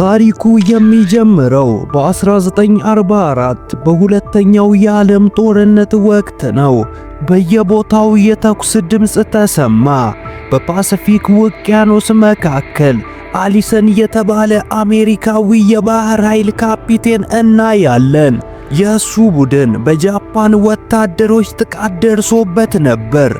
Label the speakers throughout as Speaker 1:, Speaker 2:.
Speaker 1: ታሪኩ የሚጀምረው በ1944 በሁለተኛው የዓለም ጦርነት ወቅት ነው። በየቦታው የተኩስ ድምፅ ተሰማ። በፓሲፊክ ውቅያኖስ መካከል አሊሰን የተባለ አሜሪካዊ የባህር ኃይል ካፒቴን እናያለን። የእሱ ቡድን በጃፓን ወታደሮች ጥቃት ደርሶበት ነበር።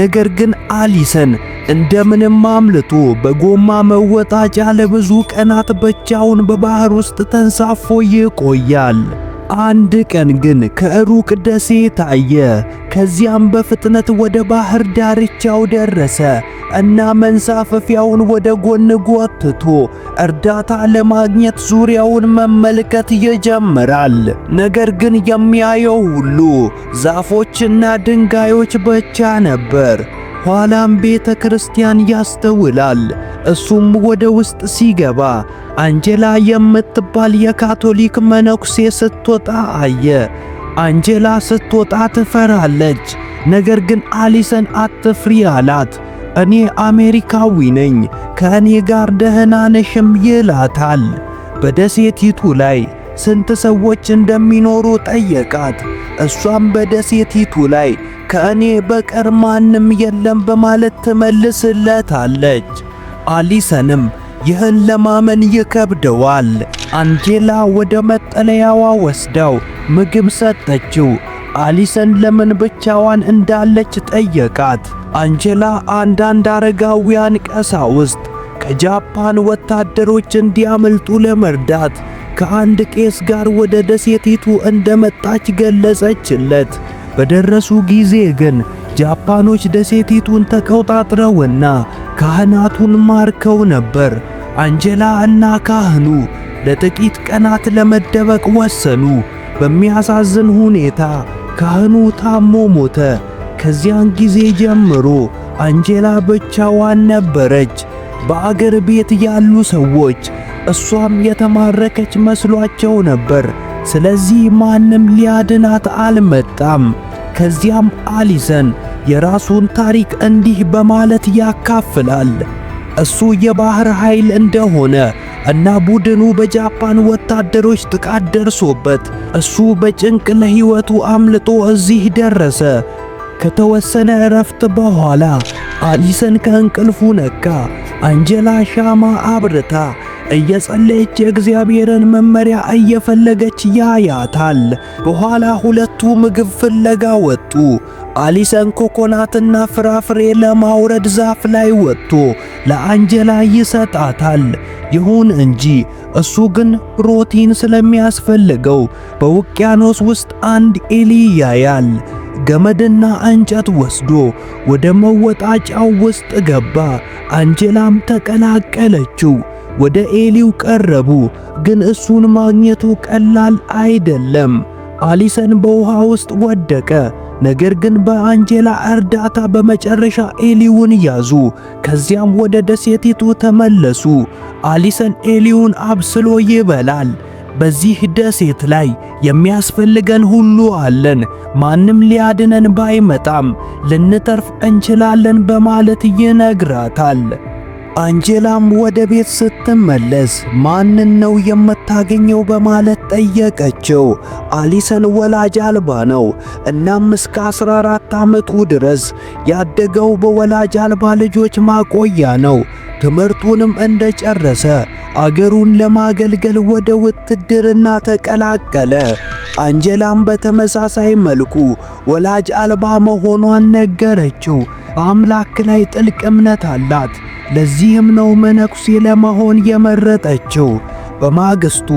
Speaker 1: ነገር ግን አሊሰን እንደምንም አምልጦ በጎማ መወጣጫ ለብዙ ቀናት ብቻውን በባህር ውስጥ ተንሳፎ ይቆያል። አንድ ቀን ግን ከሩቅ ደሴ ታየ ከዚያም በፍጥነት ወደ ባህር ዳርቻው ደረሰ እና መንሳፈፊያውን ወደ ጎን ጎትቶ እርዳታ ለማግኘት ዙሪያውን መመልከት ይጀምራል። ነገር ግን የሚያየው ሁሉ ዛፎችና ድንጋዮች ብቻ ነበር። ኋላም ቤተ ክርስቲያን ያስተውላል። እሱም ወደ ውስጥ ሲገባ አንጀላ የምትባል የካቶሊክ መነኩሴ ስትወጣ አየ። አንጀላ ስትወጣ ትፈራለች። ነገር ግን አሊሰን አትፍሪ አላት። እኔ አሜሪካዊ ነኝ፣ ከእኔ ጋር ደህና ነሽም ይላታል። በደሴቲቱ ላይ ስንት ሰዎች እንደሚኖሩ ጠየቃት። እሷም በደሴቲቱ ላይ ከእኔ በቀር ማንም የለም በማለት ትመልስለታለች። አሊሰንም ይህን ለማመን ይከብደዋል። አንጄላ ወደ መጠለያዋ ወስደው ምግብ ሰጠችው። አሊሰን ለምን ብቻዋን እንዳለች ጠየቃት። አንጄላ አንዳንድ አረጋውያን ቀሳውስት ከጃፓን ወታደሮች እንዲያመልጡ ለመርዳት ከአንድ ቄስ ጋር ወደ ደሴቲቱ እንደመጣች ገለጸችለት። በደረሱ ጊዜ ግን ጃፓኖች ደሴቲቱን ተቆጣጥረውና ካህናቱን ማርከው ነበር። አንጀላ እና ካህኑ ለጥቂት ቀናት ለመደበቅ ወሰኑ። በሚያሳዝን ሁኔታ ካህኑ ታሞ ሞተ። ከዚያን ጊዜ ጀምሮ አንጀላ ብቻዋን ነበረች። በአገር ቤት ያሉ ሰዎች እሷም የተማረከች መስሏቸው ነበር። ስለዚህ ማንም ሊያድናት አልመጣም። ከዚያም አሊሰን የራሱን ታሪክ እንዲህ በማለት ያካፍላል። እሱ የባህር ኃይል እንደሆነ እና ቡድኑ በጃፓን ወታደሮች ጥቃት ደርሶበት እሱ በጭንቅ ለሕይወቱ አምልጦ እዚህ ደረሰ። ከተወሰነ እረፍት በኋላ አሊሰን ከእንቅልፉ ነቃ። አንጀላ ሻማ አብርታ እየጸለየች የእግዚአብሔርን መመሪያ እየፈለገች ያያታል። በኋላ ሁለቱ ምግብ ፍለጋ ወጡ። አሊሰን ኮኮናትና ፍራፍሬ ለማውረድ ዛፍ ላይ ወጥቶ ለአንጀላ ይሰጣታል። ይሁን እንጂ እሱ ግን ፕሮቲን ስለሚያስፈልገው በውቅያኖስ ውስጥ አንድ ኤሊ ያያል። ገመድና እንጨት ወስዶ ወደ መወጣጫው ውስጥ ገባ። አንጀላም ተቀላቀለችው። ወደ ኤሊው ቀረቡ፣ ግን እሱን ማግኘቱ ቀላል አይደለም። አሊሰን በውሃ ውስጥ ወደቀ። ነገር ግን በአንጀላ እርዳታ በመጨረሻ ኤሊውን ያዙ። ከዚያም ወደ ደሴቲቱ ተመለሱ። አሊሰን ኤሊውን አብስሎ ይበላል። በዚህ ደሴት ላይ የሚያስፈልገን ሁሉ አለን። ማንም ሊያድነን ባይመጣም ልንተርፍ እንችላለን በማለት ይነግራታል። አንጀላም ወደ ቤት ስትመለስ ማንን ነው የምታገኘው በማለት ጠየቀችው። አሊሰን ወላጅ አልባ ነው። እናም እስከ 14 ዓመቱ ድረስ ያደገው በወላጅ አልባ ልጆች ማቆያ ነው። ትምህርቱንም እንደጨረሰ አገሩን ለማገልገል ወደ ውትድርና ተቀላቀለ። አንጀላም በተመሳሳይ መልኩ ወላጅ አልባ መሆኗን ነገረችው። በአምላክ ላይ ጥልቅ እምነት አላት። ለዚህም ነው መነኩሴ ለመሆን የመረጠችው። በማግስቱ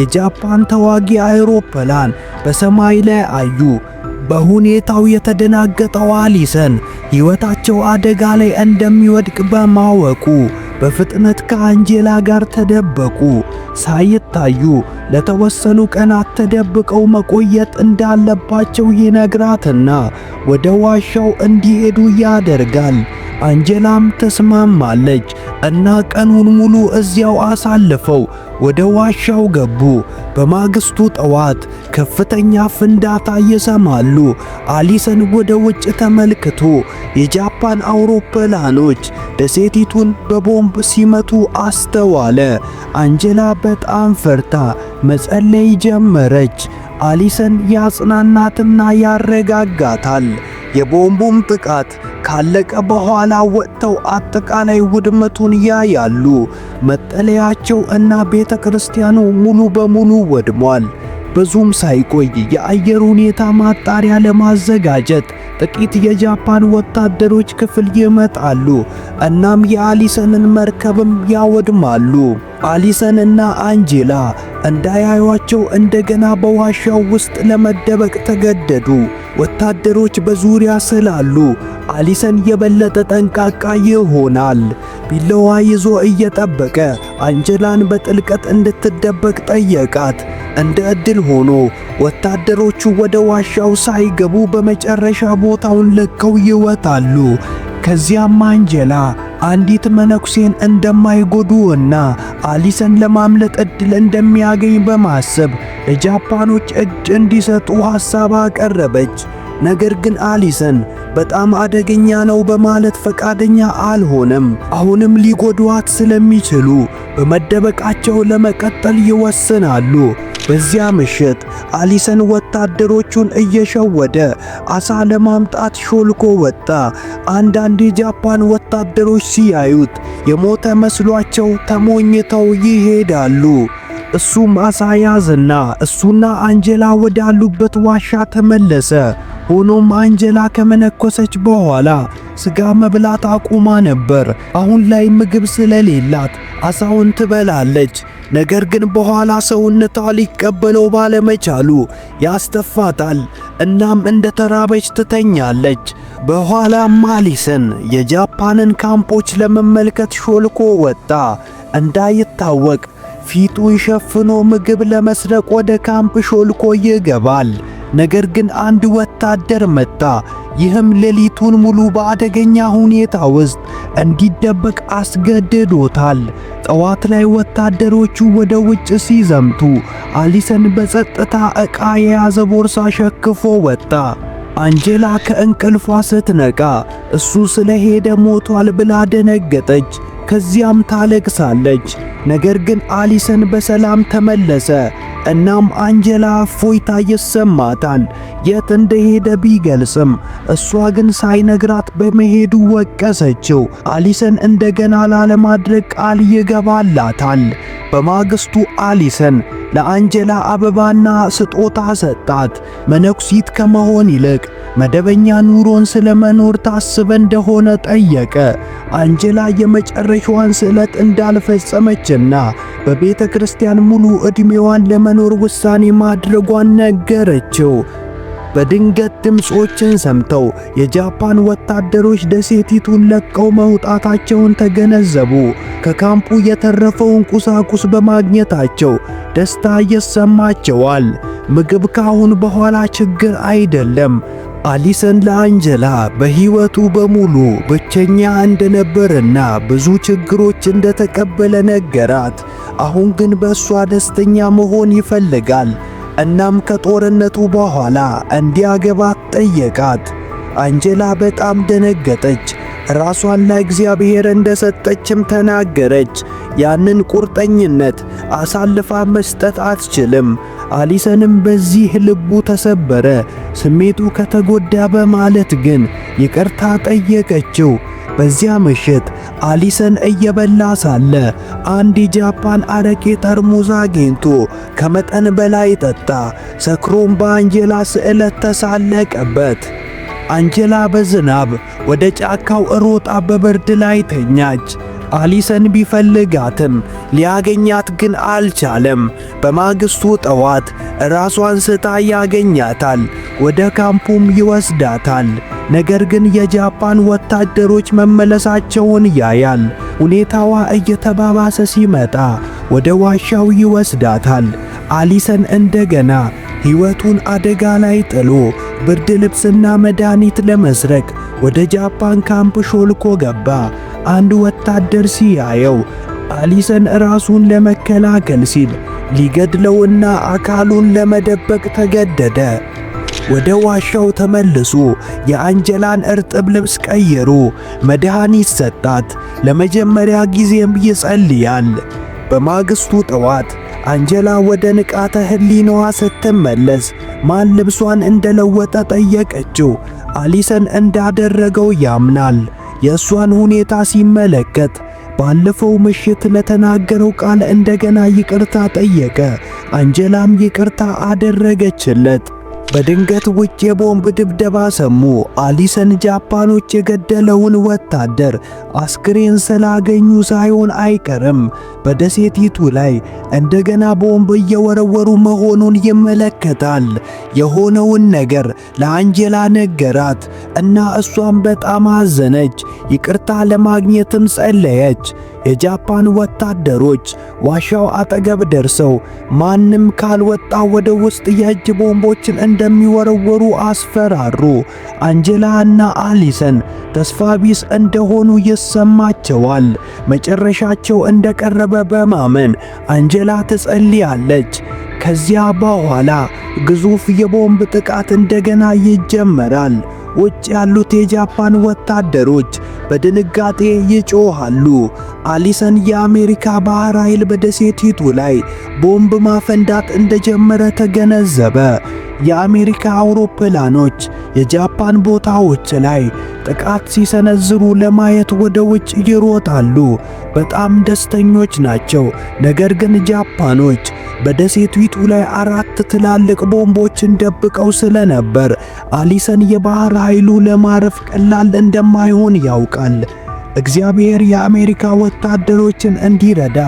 Speaker 1: የጃፓን ተዋጊ አውሮፕላን በሰማይ ላይ አዩ። በሁኔታው የተደናገጠው አሊሰን ሕይወታቸው አደጋ ላይ እንደሚወድቅ በማወቁ በፍጥነት ከአንጄላ ጋር ተደበቁ። ሳይታዩ ለተወሰኑ ቀናት ተደብቀው መቆየት እንዳለባቸው ይነግራትና ወደ ዋሻው እንዲሄዱ ያደርጋል። አንጀላም ተስማማለች እና ቀኑን ሙሉ እዚያው አሳልፈው ወደ ዋሻው ገቡ። በማግስቱ ጠዋት ከፍተኛ ፍንዳታ ይሰማሉ። አሊሰን ወደ ውጭ ተመልክቶ የጃፓን አውሮፕላኖች ደሴቲቱን በቦምብ ሲመቱ አስተዋለ። አንጀላ በጣም ፈርታ መጸለይ ጀመረች። አሊሰን ያጽናናትና ያረጋጋታል። የቦምቡም ጥቃት ካለቀ በኋላ ወጥተው አጠቃላይ ውድመቱን ያያሉ። መጠለያቸው እና ቤተ ክርስቲያኑ ሙሉ በሙሉ ወድሟል። ብዙም ሳይቆይ የአየር ሁኔታ ማጣሪያ ለማዘጋጀት ጥቂት የጃፓን ወታደሮች ክፍል ይመጣሉ። እናም የአሊሰንን መርከብም ያወድማሉ። አሊሰን እና አንጄላ እንዳያዩቸው እንደገና በዋሻው ውስጥ ለመደበቅ ተገደዱ። ወታደሮች በዙሪያ ስላሉ አሊሰን የበለጠ ጠንቃቃ ይሆናል። ቢላዋ ይዞ እየጠበቀ አንጀላን በጥልቀት እንድትደበቅ ጠየቃት። እንደ ዕድል ሆኖ ወታደሮቹ ወደ ዋሻው ሳይገቡ በመጨረሻ ቦታውን ለቀው ይወጣሉ። ከዚያም አንጀላ አንዲት መነኩሴን እንደማይጎዱ እና አሊሰን ለማምለጥ እድል እንደሚያገኝ በማሰብ ለጃፓኖች እጅ እንዲሰጡ ሐሳብ አቀረበች። ነገር ግን አሊሰን በጣም አደገኛ ነው በማለት ፈቃደኛ አልሆነም። አሁንም ሊጎዷት ስለሚችሉ በመደበቃቸው ለመቀጠል ይወስናሉ። በዚያ ምሽት አሊሰን ወታደሮቹን እየሸወደ አሳ ለማምጣት ሾልኮ ወጣ። አንዳንድ የጃፓን ወታደሮች ሲያዩት የሞተ መስሏቸው ተሞኝተው ይሄዳሉ። እሱ አሳ ያዘና እሱና አንጀላ ወዳሉበት ዋሻ ተመለሰ። ሆኖም አንጀላ ከመነኮሰች በኋላ ስጋ መብላት አቁማ ነበር። አሁን ላይ ምግብ ስለሌላት አሳውን ትበላለች። ነገር ግን በኋላ ሰውነቷ ሊቀበለው ባለመቻሉ ያስተፋታል። እናም እንደ ተራበች ትተኛለች። በኋላ ማሊሰን የጃፓንን ካምፖች ለመመልከት ሾልኮ ወጣ እንዳይታወቅ ፊቱ ሸፍኖ ምግብ ለመስረቅ ወደ ካምፕ ሾልኮ ይገባል። ነገር ግን አንድ ወታደር መጣ። ይህም ሌሊቱን ሙሉ በአደገኛ ሁኔታ ውስጥ እንዲደበቅ አስገድዶታል። ጠዋት ላይ ወታደሮቹ ወደ ውጭ ሲዘምቱ አሊሰን በጸጥታ ዕቃ የያዘ ቦርሳ ሸክፎ ወጣ። አንጀላ ከእንቅልፏ ስትነቃ እሱ ስለሄደ ሞቷል ብላ ደነገጠች። ከዚያም ታለቅሳለች። ነገር ግን አሊሰን በሰላም ተመለሰ። እናም አንጀላ እፎይታ ይሰማታል። የት እንደሄደ ቢገልጽም እሷ ግን ሳይነግራት በመሄዱ ወቀሰችው። አሊሰን እንደገና ላለማድረግ ቃል ይገባላታል። በማግስቱ አሊሰን ለአንጀላ አበባና ስጦታ ሰጣት። መነኩሲት ከመሆን ይልቅ መደበኛ ኑሮን ስለመኖር ታስበ እንደሆነ ጠየቀ። አንጀላ የመጨረሻዋን ስዕለት እንዳልፈጸመች አወጀና በቤተ ክርስቲያን ሙሉ ዕድሜዋን ለመኖር ውሳኔ ማድረጓን ነገረችው። በድንገት ድምፆችን ሰምተው የጃፓን ወታደሮች ደሴቲቱን ለቀው መውጣታቸውን ተገነዘቡ። ከካምፑ የተረፈውን ቁሳቁስ በማግኘታቸው ደስታ ይሰማቸዋል። ምግብ ካሁን በኋላ ችግር አይደለም፣ አሊሰን ለአንጀላ በሕይወቱ በሙሉ ብቸኛ እንደነበረና ብዙ ችግሮች እንደተቀበለ ነገራት። አሁን ግን በእሷ ደስተኛ መሆን ይፈልጋል። እናም ከጦርነቱ በኋላ እንዲያገባት ጠየቃት። አንጀላ በጣም ደነገጠች። ራሷን ለእግዚአብሔር እንደሰጠችም ተናገረች። ያንን ቁርጠኝነት አሳልፋ መስጠት አትችልም። አሊሰንም በዚህ ልቡ ተሰበረ። ስሜቱ ከተጎዳ በማለት ግን ይቅርታ ጠየቀችው። በዚያ ምሽት አሊሰን እየበላ ሳለ አንድ የጃፓን አረቄ ጠርሙዝ አግኝቶ ከመጠን በላይ ጠጣ። ሰክሮም በአንጀላ ስዕለት ተሳለቀበት። አንጀላ በዝናብ ወደ ጫካው ሮጣ በበርድ ላይ ተኛች። አሊሰን ቢፈልጋትም ሊያገኛት ግን አልቻለም። በማግስቱ ጠዋት ራሷን ስታ ያገኛታል፣ ወደ ካምፑም ይወስዳታል። ነገር ግን የጃፓን ወታደሮች መመለሳቸውን ያያል። ሁኔታዋ እየተባባሰ ሲመጣ ወደ ዋሻው ይወስዳታል። አሊሰን እንደገና ሕይወቱን አደጋ ላይ ጥሎ ብርድ ልብስና መድኃኒት ለመስረቅ ወደ ጃፓን ካምፕ ሾልኮ ገባ። አንድ ወታደር ሲያየው አሊሰን ራሱን ለመከላከል ሲል ሊገድለውና አካሉን ለመደበቅ ተገደደ። ወደ ዋሻው ተመልሶ የአንጀላን እርጥብ ልብስ ቀየሩ! መድኃኒት ሰጣት። ለመጀመሪያ ጊዜም ይጸልያል። በማግስቱ ጠዋት አንጀላ ወደ ንቃተ ህሊናዋ ስትመለስ ማን ልብሷን እንደለወጠ ጠየቀችው። አሊሰን እንዳደረገው ያምናል። የእሷን ሁኔታ ሲመለከት ባለፈው ምሽት ለተናገረው ቃል እንደገና ይቅርታ ጠየቀ። አንጀላም ይቅርታ አደረገችለት። በድንገት ውጭ የቦምብ ድብደባ ሰሙ። አሊሰን ጃፓኖች የገደለውን ወታደር አስክሬን ስላገኙ ሳይሆን አይቀርም በደሴቲቱ ላይ እንደገና ቦምብ እየወረወሩ መሆኑን ይመለከታል። የሆነውን ነገር ለአንጀላ ነገራት እና እሷም በጣም አዘነች። ይቅርታ ለማግኘትም ጸለየች። የጃፓን ወታደሮች ዋሻው አጠገብ ደርሰው ማንም ካልወጣ ወደ ውስጥ የእጅ ቦምቦችን እንደሚወረወሩ አስፈራሩ። አንጀላ እና አሊሰን ተስፋ ቢስ እንደሆኑ ይሰማቸዋል። መጨረሻቸው እንደቀረበ በማመን አንጀላ ትጸልያለች። ከዚያ በኋላ ግዙፍ የቦምብ ጥቃት እንደገና ይጀመራል። ውጭ ያሉት የጃፓን ወታደሮች በድንጋጤ ይጮሃሉ። አሊሰን የአሜሪካ ባህር ኃይል በደሴቲቱ ላይ ቦምብ ማፈንዳት እንደጀመረ ተገነዘበ። የአሜሪካ አውሮፕላኖች የጃፓን ቦታዎች ላይ ጥቃት ሲሰነዝሩ ለማየት ወደ ውጭ ይሮጣሉ። በጣም ደስተኞች ናቸው። ነገር ግን ጃፓኖች በደሴቲቱ ላይ አራት ትላልቅ ቦምቦችን ደብቀው ስለነበር አሊሰን የባህር ኃይሉ ለማረፍ ቀላል እንደማይሆን ያውቃል። እግዚአብሔር የአሜሪካ ወታደሮችን እንዲረዳ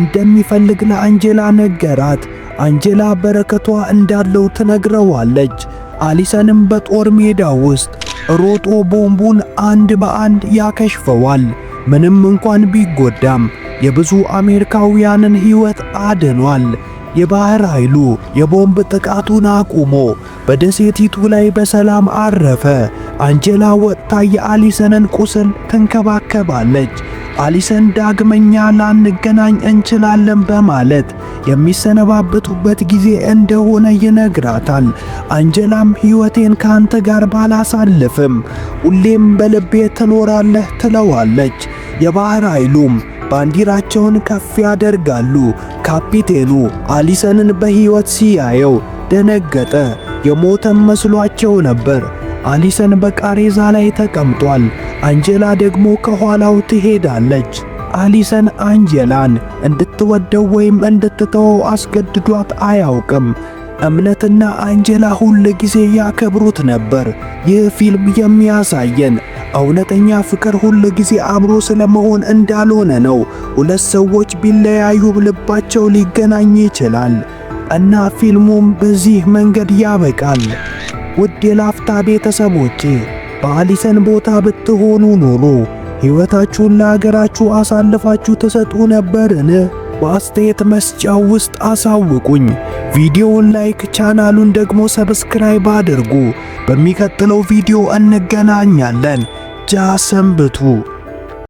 Speaker 1: እንደሚፈልግ ለአንጀላ ነገራት። አንጀላ በረከቷ እንዳለው ትነግረዋለች። አሊሰንም በጦር ሜዳ ውስጥ ሮጦ ቦምቡን አንድ በአንድ ያከሽፈዋል። ምንም እንኳን ቢጎዳም የብዙ አሜሪካውያንን ሕይወት አድኗል። የባህር ኃይሉ የቦምብ ጥቃቱን አቁሞ በደሴቲቱ ላይ በሰላም አረፈ። አንጀላ ወጥታ የአሊሰንን ቁስል ትንከባከባለች። አሊሰን ዳግመኛ ላንገናኝ እንችላለን በማለት የሚሰነባበቱበት ጊዜ እንደሆነ ይነግራታል። አንጀላም ሕይወቴን ከአንተ ጋር ባላሳልፍም ሁሌም በልቤ ትኖራለህ ትለዋለች። የባህር ኃይሉም ባንዲራቸውን ከፍ ያደርጋሉ። ካፒቴኑ አሊሰንን በሕይወት ሲያየው ደነገጠ። የሞተም መስሏቸው ነበር። አሊሰን በቃሬዛ ላይ ተቀምጧል። አንጀላ ደግሞ ከኋላው ትሄዳለች። አሊሰን አንጀላን እንድትወደው ወይም እንድትተወው አስገድዷት አያውቅም። እምነትና አንጀላ ሁል ጊዜ ያከብሩት ነበር። ይህ ፊልም የሚያሳየን እውነተኛ ፍቅር ሁል ጊዜ አብሮ ስለመሆን እንዳልሆነ ነው። ሁለት ሰዎች ቢለያዩ ልባቸው ሊገናኝ ይችላል እና ፊልሙም በዚህ መንገድ ያበቃል። ውድ የላፍታ ቤተሰቦቼ በአሊሰን ቦታ ብትሆኑ ኑሩ ሕይወታችሁን ለአገራችሁ አሳልፋችሁ ተሰጡ ነበርን? በአስተያየት መስጫው ውስጥ አሳውቁኝ። ቪዲዮውን ላይክ፣ ቻናሉን ደግሞ ሰብስክራይብ አድርጉ። በሚቀጥለው ቪዲዮ እንገናኛለን። ጃ ሰንብቱ።